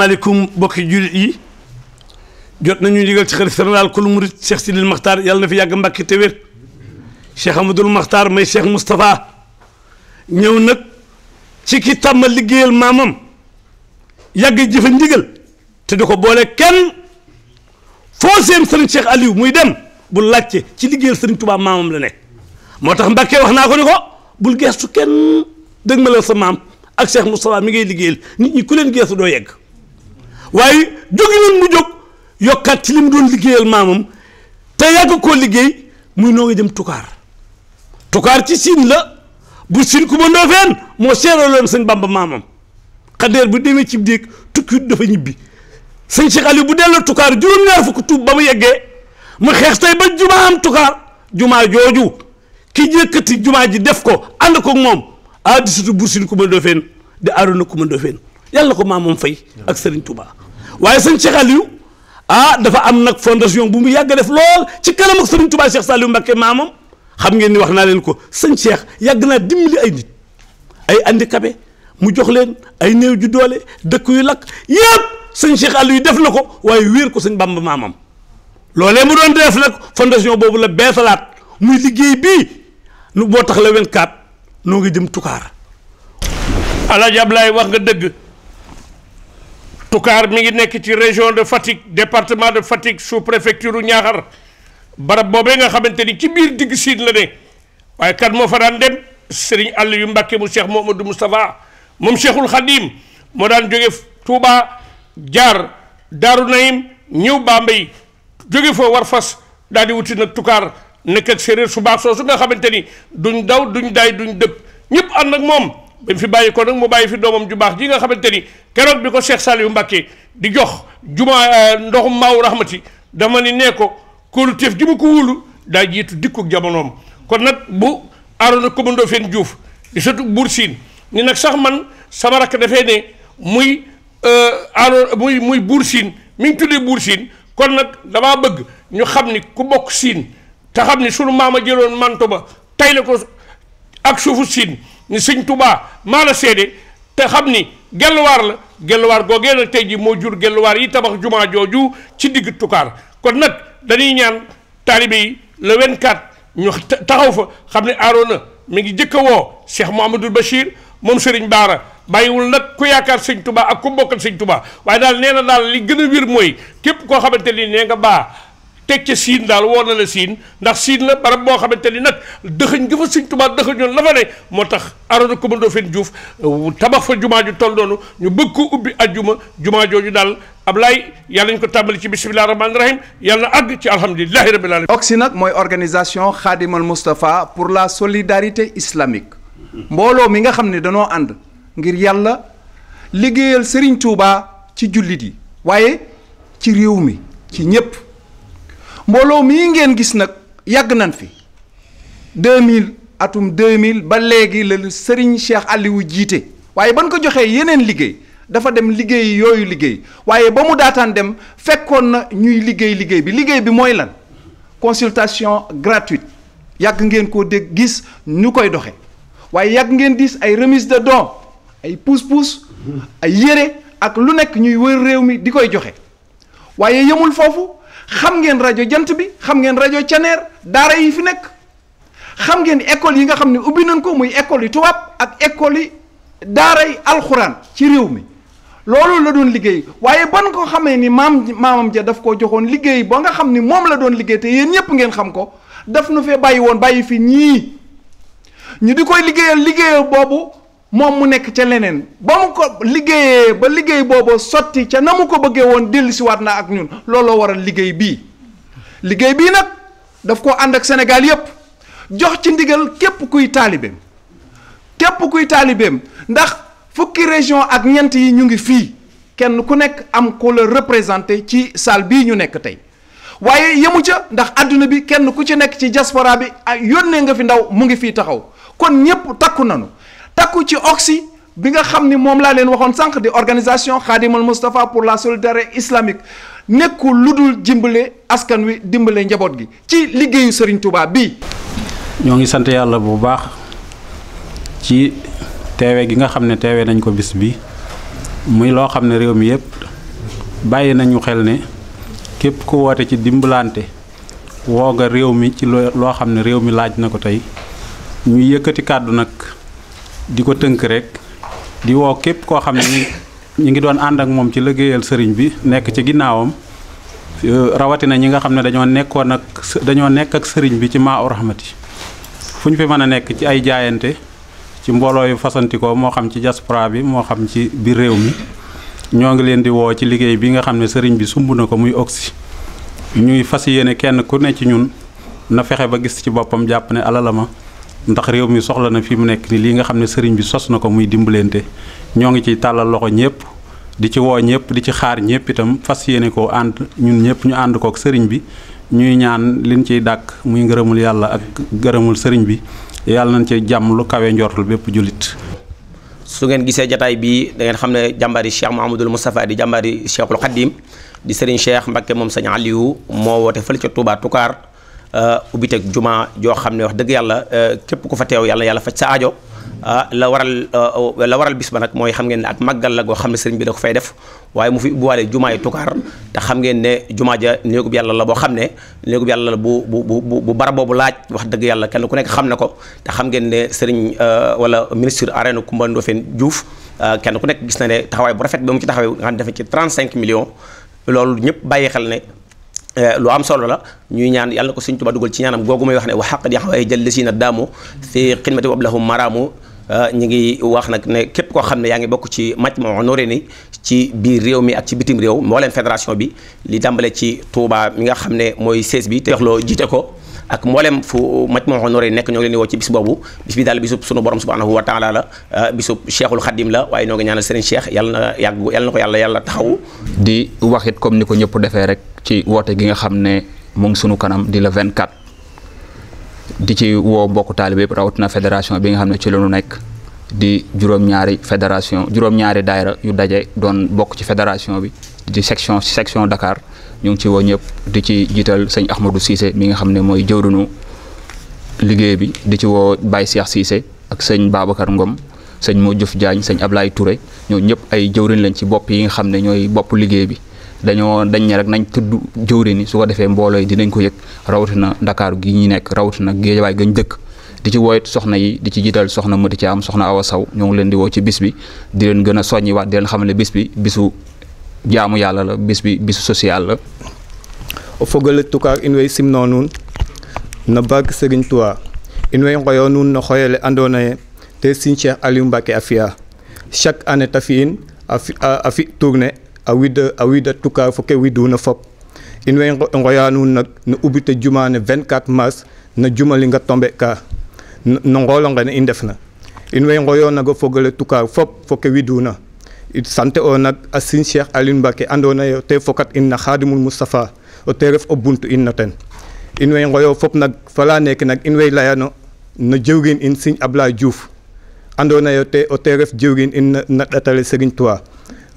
asalaamaaleykum bokki jullit yi jot nañu ndigal ci xarit général kul murit Cheikh Sidil Maxtaar yàlla na fi yàgg Mbàkke te wér Cheikh Amadul Maxtaar may Cheikh Moustapha ñëw nag ci ki tàmm liggéeyal maamam yàgg jëfe ndigal te di ko boole kenn foo seen sëriñ Cheikh Aliou muy dem bu laajte ci liggéeyal sëriñ Tuubaa maamam la ne moo tax Mbàkke wax naa ko ni ko bul geestu kenn dëgg ma la sa maam ak Cheikh Moustapha mi ngay liggéeyal nit ñi ku leen geestu doo yegg waaye jógi nan mu jóg yokkaat ci li mu doon liggéeyal maamam te yàgg koo liggéey muy noo ngi jëm tukaar tukaar ci siin la bu siin ku ma ndoofeen moo seeraloon sëñ bamba maamam xadeer bu demee ci déeg tukki dafa ñibbi sëñ Cheikh Aliou bu delloo tukaar juróom-ñaar fukk tuub ba mu yeggee mu xeex tey ba jumaa am tukaar jumaa jooju ki yëkkati jumaa ji def ko ànd ko moom ah di sutu bur siin ku ma ndoofeen di aarona ku ma ndoofeen yàlla ko maamam fay ak sëriñ Touba waaye sëñ Cheikh Aliou ah dafa am nag fondation bu mu yàgg def lool ci kanam ak Serigne Touba Cheikh Saliou Mbacké maamam xam ngeen ni wax naa leen ko sëñ Cheikh yàgg naa dimbali ay nit ay handicapé mu jox leen ay néew ju doole dëkk yu lakk yëpp sëñ Cheikh Aliou def na ko waaye wéer ko sëñ Bamba maamam loolee mu doon def nag fondation boobu la beesalaat muy liggéey bii nu boo tax la 24 noo ngi jëm tukaar Alaaji Ablaay wax nga dëgg Toucar mi ngi nekk ci région de Fatick département de Fatick sous préfecture u Niakhar barab boobee nga xamante ni ci biir digg siin la ne waaye kat moo fa daan dem Serigne Aliou Mbacké mu Cheikh Mouhamadou Moustapha moom Cheikhul Khadim moo daan jóge Touba jaar Daaru Naim ñëw Bambey jóge foo war fas daal di wuti nag Toucar nekk ak su baax soo soosu nga xamante ni duñ daw duñ daay duñ dëpp ñëpp ànd ak moom bi mu fi bàyyi ko nag mu bàyyi fi doomam ju baax ji nga xamante ni keroog bi ko Cheikh yu Mbacké di jox juma euh, ndoxum maaw rahmati dama ni nee ko kóoluteef ji mu ko wóolu daa jiitu dikku jamonoom kon nag bu Arona Coumba Ndoffène Diouf di sëtu Buur Siin ni nag sax man sama rakk dafee ne muy euh, Arona muy muy Buur Siin mi ngi tuddee Buur Siin kon nag damaa bëgg ñu xam ni ku bokk siin te xam ni sunu maama jëloon manto ba tay ko ak suufu siin ni sëñ tubaa maa la seede te xam ni gelluwaar la gelluwaar goo nag tey ji moo jur gelluwaar yi tabax jumaa jooju ci digg tukaar kon nag dañuy ñaan taalibe yi le 24 ñu taxaw fa xam ne na mu ngi jëkk a woo Cheikh Mouhamadul Bachir moom Serigne Baara bàyyiwul nag ku yaakaar sëñ tubaa ak ku bokkal sëñ tubaa waaye daal nee na daal li gën a wér mooy képp koo xamante ni nee nga baax teg ca siin daal woo na la siin ndax siin la barab boo xamante ni nag dëxëñ gi fa sëñ Tuubaa dëxëñoon la fa ne moo tax arona commando fen Diouf tabax fa jumaa ju toll noonu ñu bëgg ko ubbi ajjuma jumaa jooju daal Ablaye yàlla ñu ko tàmbali ci bisimilah rahmaani rahim yàlla na ci alhamdulilahi rabbil alamin OXI nag mooy organisation Khadimal Moustapha pour la solidarité islamique mbooloo mi nga xam danoo ànd ngir yàlla liggéeyal Serigne Touba ci jullit yi waaye ci réew mi ci ñëpp mbooloo mi ngeen gis nag yàgg nañ fi 2000 atum 2000 ba léegi la Serigne Cheikh Aliou jiite waaye ban ko joxee yeneen liggéey dafa dem liggéey yooyu liggéey waaye ba mu daataan dem fekkoon na ñuy liggéey liggéey bi liggéey bi mooy lan consultation gratuite yàgg ngeen koo dégg gis ñu koy doxe waaye yàgg ngeen dis ay remise de dons ay pousse-pousse ay yére ak lu nekk ñuy wër réew mi di koy joxe waaye yemul foofu. xam ngeen rajo jant bi xam ngeen rajo caneer daara yi fi nekk xam ngeen école yi nga xam ne ubbi nañ ko muy école yi tubaab ak école yi daara yi alxuraan ci réew mi loolu la doon liggéey waaye ban ko xamee ni maam maamam ja daf koo joxoon liggéey ba nga xam ni moom la doon liggéey te yéen ñëpp ngeen xam ko daf nu fee bàyyi woon bàyyi fi ñii ñu di koy liggéeyal liggéeyal boobu moom mu nekk ca leneen ba mu ko liggéeyee ba liggéey boobu sotti ca na mu ko bëggee woon dellusiwaat na ak ñun looloo waral liggéey bii liggéey bii nag daf ko ànd ak Sénégal yépp jox ci ndigal képp kuy taalibeem képp kuy taalibeem ndax fukki région ak ñent yi ñu ngi fii kenn ku nekk am ko la représenté ci salle bii ñu nekk tey waaye yemu ca ndax àdduna bi kenn ku ci nekk ci diaspora bi ah, yónnee nga fi ndaw mu ngi fii taxaw kon ñépp takku nanu takku ci oxy bi nga xam ni moom laa leen waxoon sànq di organisation Khadimal Moustapha pour la solidarité islamique nekkul lu dul dimbale askan wi dimbale njaboot gi ci liggéeyu Serigne Touba bi ñoo ngi sant yàlla bu baax ci teewe gi nga xam ne teewe nañ ko bis bi muy loo xam ne réew mi yépp bàyyi nañu xel ne képp ku woote ci dimbalante woo réew mi ci loo xam ne réew mi laaj na ko tey ñu yëkkati kàddu nag. di ko tënk rek di woo képp koo xam ne ñu ngi doon ànd ak moom ci liggéeyal sëriñ bi nekk ci ginnaawam rawatina ñi nga xam ne dañoo nekkoon ak dañoo nekk ak sëriñ bi ci maa u rahmati fu ñu fi mën a nekk ci ay jaayante ci mbooloo yu fasantikoo moo xam ci diaspora bi moo xam ci biir réew mi ñoo ngi leen di woo ci liggéey bi nga xam ne sëriñ bi sumb na ko muy Oxy ñuy fas yéene kenn ku ne ci ñun na fexe ba gis ci boppam jàpp ne alala ma ndax réew mi soxla na fi mu nek ni li nga xam sëriñ bi sos nako muy dimbulenté ñoo ngi ci talal loxo ñepp di ci wo ñepp di ci xaar ñepp itam fasiyene ko and ñun ñepp ñu ko ak sëriñ bi ñuy ñaan liñ ciy dak muy ngërëmul yalla ak ngërëmul sëriñ bi yalla nañ ci jàmm lu kawé ndortul bépp julit su ngeen gisé jotaay bi da ngeen jambari ne jàmbaari cheikh mahamadul moustapha di jàmbaari cheikhul khadim di sëriñ cheikh mbakke mom sëñ aliou mo wote fële ci touba tukar Euh, ubbiteg juma joo xam ne wax dëgg yàlla euh, képp ku fa teew yàlla yàlla faj sa aajo ah, la waral euh, la waral bis ba nag mooy xam ngeen ne ak màggal la goo xam ne sëriñ bi da ko fay def waaye mu fi ubbiwaale jumaa yi tukaar te xam ngeen ne jumaa ja néegub la boo xam ne néegub yàlla la bu bu bu bu bara boobu laaj wax dëgg yàlla kenn ku nekk xam na ko te xam ngeen ne sëriñ wala ministre arène Coumba Ndoffène Diouf kenn ku nekk gis na ne taxawaay bu rafet ba mu ci taxawee nga xam ne ci 35 millions loolu ñëpp bàyyi xel ne Eh, lu am solo la ñuy ñaan yàlla ko Sëñ Tuubaa dugal ci ñaanam googu may wax ne wa xaqat yax waaye jël si na daamu fi xidmati wa ablahum maraamu eh, ñu ngi wax nag ne képp koo xam ne yaa ngi bokk ci Majmahun Nurayni ci biir réew mi ak ci bitim réew moo leen fédération bi li dàmbale ci Touba mi nga xam ne mooy sees bi te loo jiite ko ak mboolem fu mo honoré nek ñoo leen di wo ci bis bobu bis bi dal bisub sunu borom subhanahu wa taala la ah, bisub cheikhul khadim la waaye ñoo ngi ñaanal Serigne Cheikh yalla yag yalla nako yalla yalla taxaw di waxit comme ni ñepp ñëpp rek ci wote gi nga xamné mo ngi sunu kanam di la 24 di ci wo mbokk talibé yëpp rawatina fédération bi nga xamné ci lañu nek di juróom-ñaari fédération juróom-ñaari daaira yu dajé doon bokk ci fédération bi di section section Dakar ñu ngi ci woo ñëpp di ci jiital sëñ Ahmadou Cissé mi nga xam ne mooy jëwriñu liggéey bi di ci woo Baye Cheikh Cissé ak sëñ Babacar Ngom sëñ Modjouf Diagne sëñ Ablaye ture ñoo ñëpp ay jëwriñ lañ ci bopp yi nga xam ne ñooy bopp liggéey bi dañoo dañ ne nañ tudd jëwriñ yi su ko defee mbooloo yi dinañ ko yëg rawatina Dakar gi ñu nekk rawatina Géejawaay gañ dëkk di ci woyit soxna yi di ci jiital soxna Mati am soxna Awa Saw ñoo ngi leen di woo ci bis bi di leen gën a soññi xam bis bi bisu jaamu yàlla la bis bi bisu social la o fogole tukaar in way simnoo nuun na barke Serigne Touba in way ngoyo nuun no andoona yee te Serigne Cheikh Aliou Mbacké a fi'a chaque année ta fi'in a fi tournée a wida a wida tukaar fo ke widuna fop in way ngoya nag no ubbite juma vingt 24 mars na jumali nga tombe ka no ngoolo nge ne i ndefna in way ngoyo nag o fogole tukaar fop fo ke widuna sante ona a sin cheikh aliou mbake andona ye te fokat in na khadimul moustapha o te ref o buntu in no ten in way ngoyo fop nag fala neke nag in way leyano no jewrin in sin ablaye diouf andona ye te ref jewrin in na ɗatale serigne touba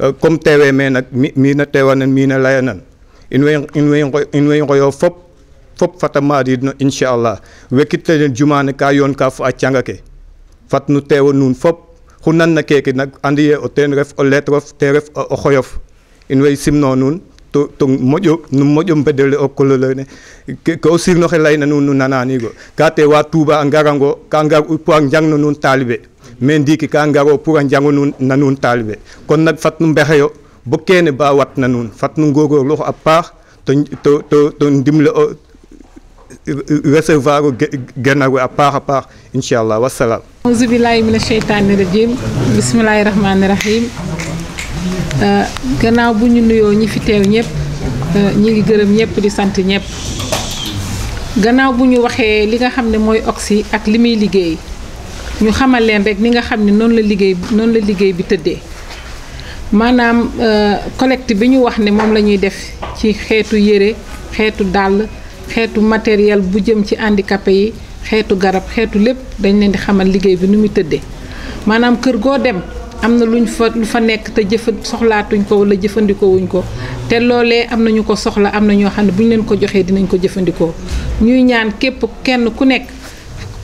euh, comme tewe me nag mi na tewanan mi na leyanan in in way in way ngoyo fop fop fata madidno inchallah wekkitteɗen jumane ka yon ka fo a canga ke fat nu tewa nun fop hunan na keke nag andi ye o ten ref o let rof te ref o xoyof in way simno nun to to moƴo no moƴo beddele okkololene ko sirnoxe layna nun nu nananigo ka te wa touba a ngara ngo ka ngar pour a jangno nun taalibe mais ndiiki ka ngaro pour a jango nun na nun taalibe kon nag fat nu mbexeyo bo kene ba wat na nun fat nu ngogorloxo a paax to to to ndimle o recevoir gànnaaw bi paax a paax incha allah wasalaam. auzu billaahi mina sheytaani rajiim bismillaahi euh, gannaaw bu ñu nuyoo ñi fi teew ñëpp euh, ñi ngi gërëm ñëpp di sant ñëpp gannaaw bu ñu waxee li nga xam ne mooy Oxy ak li muy liggéey ñu xamal leen rek li nga xam ne noonu la liggéey noonu la liggéey bi tëddee maanaam euh, collecte bi ñu wax ne moom la ñuy def ci xeetu yére xeetu dàll. xeetu matériel bu jëm ci handicapé yi xeetu garab xeetu lépp dañ leen di xamal liggéey bi nu muy tëddee maanaam kër goo dem am na luñ fa lu fa nekk te jëfa soxlaatuñ ko wala jëfandikoo wuñ ko te loolee am na ñu ko soxla am na ñoo xam ne bu ñu leen ko joxee dinañ ko jëfandikoo ñuy ñaan képp kenn ku nekk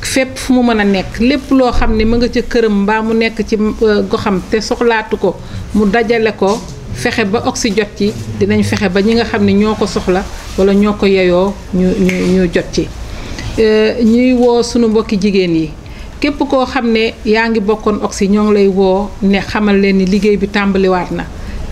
fépp fu mu mën a nekk lépp loo xam ne mu nga ca këram mbaa mu nekk ci euh, goxam te soxlaatu ko mu dajale ko fexe ba oxy jot ci dinañ fexe ba ñi nga xam ne ñoo ko soxla wala ñoo ko yeyoo ñu ñu jot ci euh, ñuy woo sunu mbokki jigéen yi képp koo xam ne yaa ngi bokkoon oxy ñoo lay woo ne xamal leen ni liggéey bi tàmbaliwaat na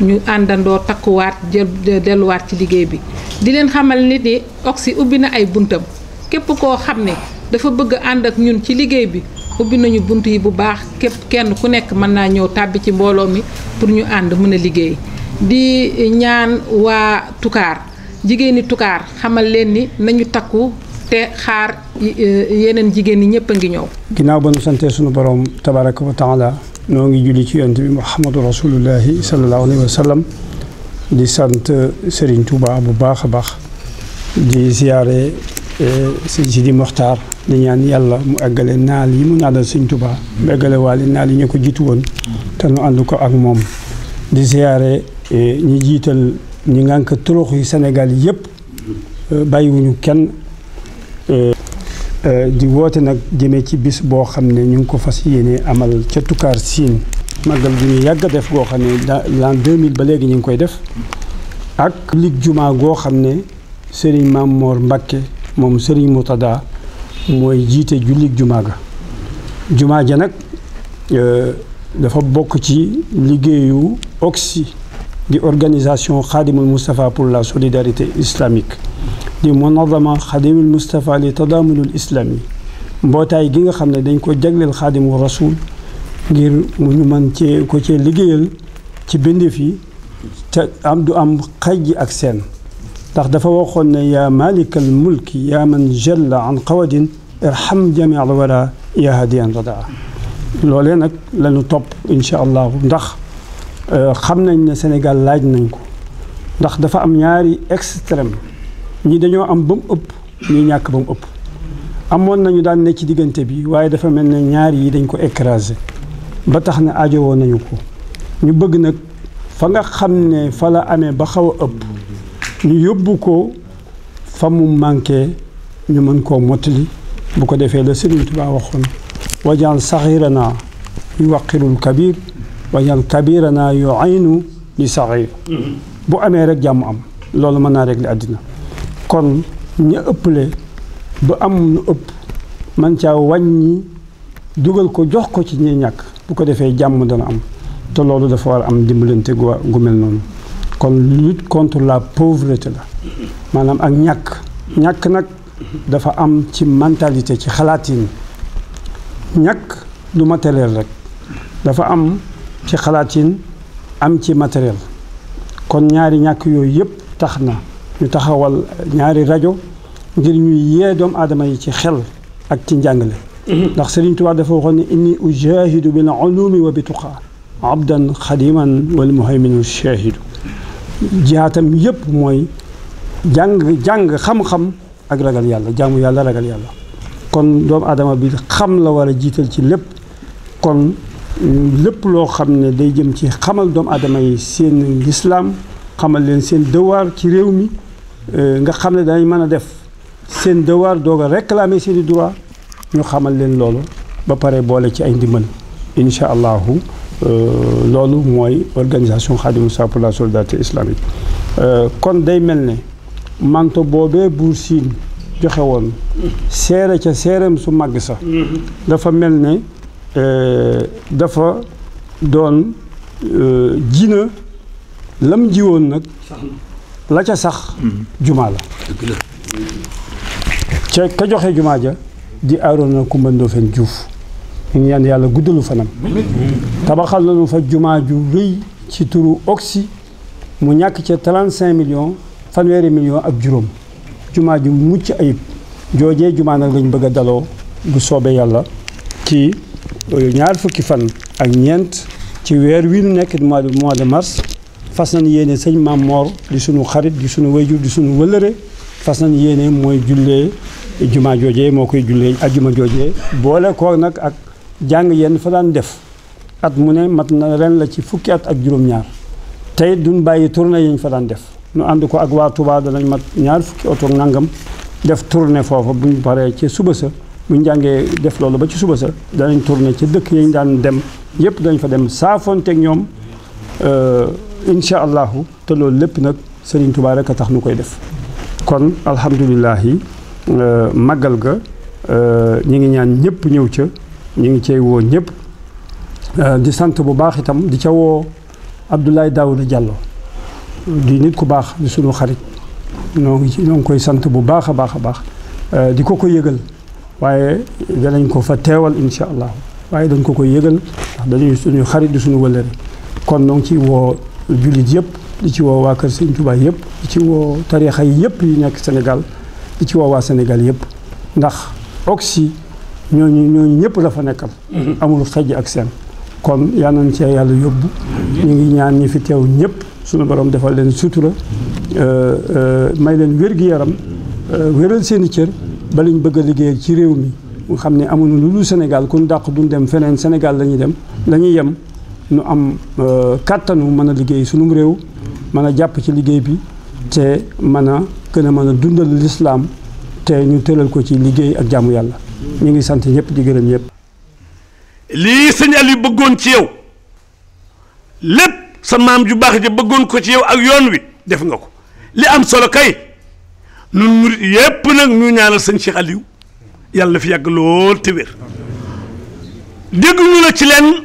ñu àndandoo takkuwaat jël delluwaat ci liggéey bi di leen xamal nit ni oxy ubbi na ay buntam képp koo xam ne dafa bëgg ànd ak ñun ci liggéey bi ubbi nañu bunt yi bu baax képp kenn ku nekk mën naa ñëw tàbbi ci mbooloo mi pour ñu ànd mën a liggéey di ñaan waa tukaar jigéeni tukaar xamal leen ni nañu takku te xaar eh, yeneen jigéen ñi ñëpp a ngi ñëw. ginnaaw ba nu santee suñu borom tabaraka wa taala noo ngi julli ci yonent bi muhammadu rasulullahi sallallahu alayhi wa sallam di sant sëriñ Touba bu baax a baax di ziare eh, sëñ si di Moxtaar di ñaan yàlla mu eggale naa yi mu naadal sëñ tubaa mu eggale waale naal yi ñu ko jiitu woon te nu ànd ko ak moom di ziare. ñi jiital ñu ngànk torox yu Sénégal yëpp euh, bàyyiwuñu kenn euh, euh, di woote nag jëmee ci bis boo xam ne ñu ngi ko fas yéene amal ca Toucar Sine màggal gi ñu yàgg def goo xam ne l'an 2000 ba léegi ñu ngi koy def ak lig juma goo xam ne Serigne Mame Mor moom Serigne Moutada mooy jiite jullig juma ga juma ja nag dafa bokk ci liggéeyu oxy دي اورغانيزاسيون خادم المصطفى بولا سوليداريتي اسلاميك دي منظمه خادم المصطفى لتضامن الاسلامي مبوتاي جيغا خامنا دنجكو جاغل الخادم الرسول غير مونو مان تي كو تي ليغيال تي بيندي في ام دو ام خاجي اك سين داخ دافا واخون يا مالك الملك يا من جل عن قود ارحم جميع الولا يا هادي ان رضا لولينك لنو توب ان شاء الله داخ xam nañ ne Sénégal laaj nañ ko ndax dafa am ñaari extrême ñi dañoo am ba mu ëpp ñi ñàkk ba mu ëpp amoon nañu daan ne ci diggante bi waaye dafa mel ne ñaari yi dañ ko écrasé ba tax na aajowoo nañu ko ñu bëgg nag fa nga xam ne fa la amee ba xaw a ëpp ñu yóbbu ko fa mu manqué ñu mën koo mottali bu ko defee la Sëriñ Tuubaa waxoon wajaan saxiranaa yu waqirul kabir wayal kabirana yu aynu li saxir mm-hmm. bu amee rek jàmm am loolu mën naa rek àddina kon ña ëpple ba am lu ëpp man wañ ñi dugal ko jox ko ci ñi ñàkk bu ko defee jàmm dana am te loolu dafa war am dimbalante gu gu mel noonu kon lutte contre la pauvreté la mm-hmm. maanaam ak ñàkk ñàkk nag mm-hmm. dafa am ci mentalité ci xalaatin ñàkk du matériel rek dafa am ci xalaatin am ci matériel kon ñaari ñak yoy yep taxna ñu taxawal ñaari radio ngir ñuy yé doom adama yi ci xel ak ci njàngale ndax serigne touba dafa waxone inni ujahidu bil ulumi wa bi tuqaa abdan khadiman wal muhayminu shahid jihatam yep moy jàng jàng xam-xam ak ragal yàlla jamu yàlla ragal yàlla kon doom adama bi xam la wara jital ci lépp kon lépp loo xam ne day jëm ci xamal doomu aadama yi seen lislaam xamal leen seen devoir ci réew mi euh, nga xam ne dañ mën a def seen devoir doog a réclamer seen i droit ñu xamal leen loolu ba pare boole ci ay ndimbal incha allahu euh, loolu mooy organisation Khadimou Sa pour la solidarité islamique euh, kon day mel ne manto boobee buur siin joxe woon seere ca seereem su màgg sax mm-hmm. dafa mel ne Euh, dafa doon euh, jina na lam jiwoon nag la ca sax mhm. jumaa la ca ka joxe jumaa ja di Aroona Coumba Ndoffène Diouf ñu ngi yàlla guddalu fanam tabaxal nañu fa jumaa ju rëy ci turu oxy mu ñàkk ca 35 millions fanweeri million ak juróom jumaa ju mucc ayib joojee jumaa nag lañ bëgg a daloo bu soobee yàlla ci ñaar fukki fan ak ñeent ci weer wii nu nekk mois de mois de mars fas nañ yéene sëñ Maam Mor di suñu xarit di suñu wayjur di suñu wëllëre fas nañ yéene mooy jullee jumaa joojee moo koy jullee ajuma joojee boole koor nag ak jàng yenn fa daan def at mu ne mat na ren la ci fukki at ak juróom-ñaar tey duñ bàyyi tournée yi ñu fa daan def nu ànd ko ak waa Touba danañ mat ñaar fukki oto nangam def tournée foofa bu ñu paree ci suba sa bu ñu jàngee def loolu ba ci suba sa danañ tourné ci dëkk yañ daan dem yëpp dañ fa dem saafonteeg ñoom euh, incha allahu te loolu lépp nag Serigne Touba rek a tax nu koy def kon alhamdulilahi euh, màggal ga euh, ñi ngi ñaan ñëpp ñëw ca ñi ngi cey woo ñëpp di sant bu baax itam di ca woo Abdoulaye Daouda Diallo di nit ku baax di sunu xarit noo ngi ci noo ngi koy sant bu baax a baax a baax di ko ko yëgal waaye danañ ko fa teewal incha allah waaye dañ ko koy yëgal ndax dañuy suñu xarit di suñu wëllëre kon noo ngi ci woo jullit yëpp di ci woo waa Kër Sëñ Tuubaa yëpp di ci woo tariixa yi yëpp yi nekk senegal di ci woo waa Sénégal yëpp ndax oxy ñooñu ñooñu ñëpp dafa fa nekkal. Mm-hmm. amul xejj ak seen. kon yal nañ cee yàlla yóbbu. ñu ngi ñaan ñi fi teew ñëpp suñu borom defal leen sutura. Mm-hmm. Euh, euh, may leen wér-gi-yaram mm-hmm. euh, wéral seen i cër. ba lañ bëgg a liggéey ci réew mi nga xam ne amuñu lu dul Sénégal kun dàq duñ dem feneen Sénégal la dem la yem nu am euh, kàttanu mën a liggéey sunum réew mën a jàpp ci liggéey bi te mën a gën a mën a dundal lislaam te ñu tëral ko ci liggéey ak jaamu yàlla ñu ngi sant ñëpp di gërëm ñëpp lii sëñ Aliou bëggoon ci yow lépp sa maam ju baax ja bëggoon ko ci yow ak yoon wi def nga ko li am solo kay nun murit yépp nag ñu ñaanal sëñ Cheikh Aliou yàlla fi yàgg lool te wér dégguñu la ci lenn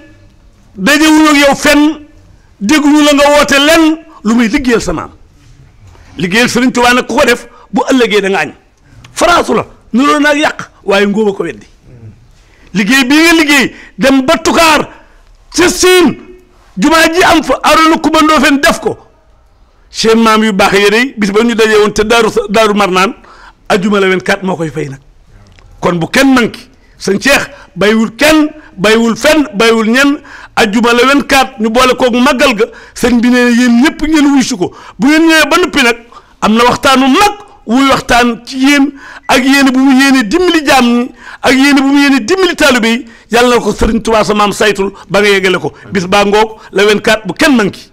dajewuñu ak yow fenn dégguñu la nga woote lenn lu muy liggéeyal sa maam liggéeyal sëriñ Tuubaa nag ku ko def bu ëllëgee da añ faraasu la nu loolu yàq waaye ngóob ko weddi liggéey bii nga liggéey dem ba tukaar ca siin jumaa ji am fa aroona kumandoo fen def ko seen maam yu baax yéen bis ba ñu dajee woon te daaru daaru marnaan ajuma la 24 moo koy fay nag kon bu kenn manki sëñ Cheikh baywul kenn bayiwul fenn bayiwul ñenn ajuma la 24 ñu boole koog màggal ga sëñ bi nee na yéen ñëpp ngeen wuysu ko bu ngeen ñëwee ba noppi nag am na waxtaanu mag wuy waxtaan ci yéen ak yéen bu mu yéene dimbali jaam ak yéen bu mu yéene dimbali taalibe yi yàlla ko sëriñ Tuubaa sa maam saytul ba nga yeggale ko bis baa ngoog la 24 bu kenn manki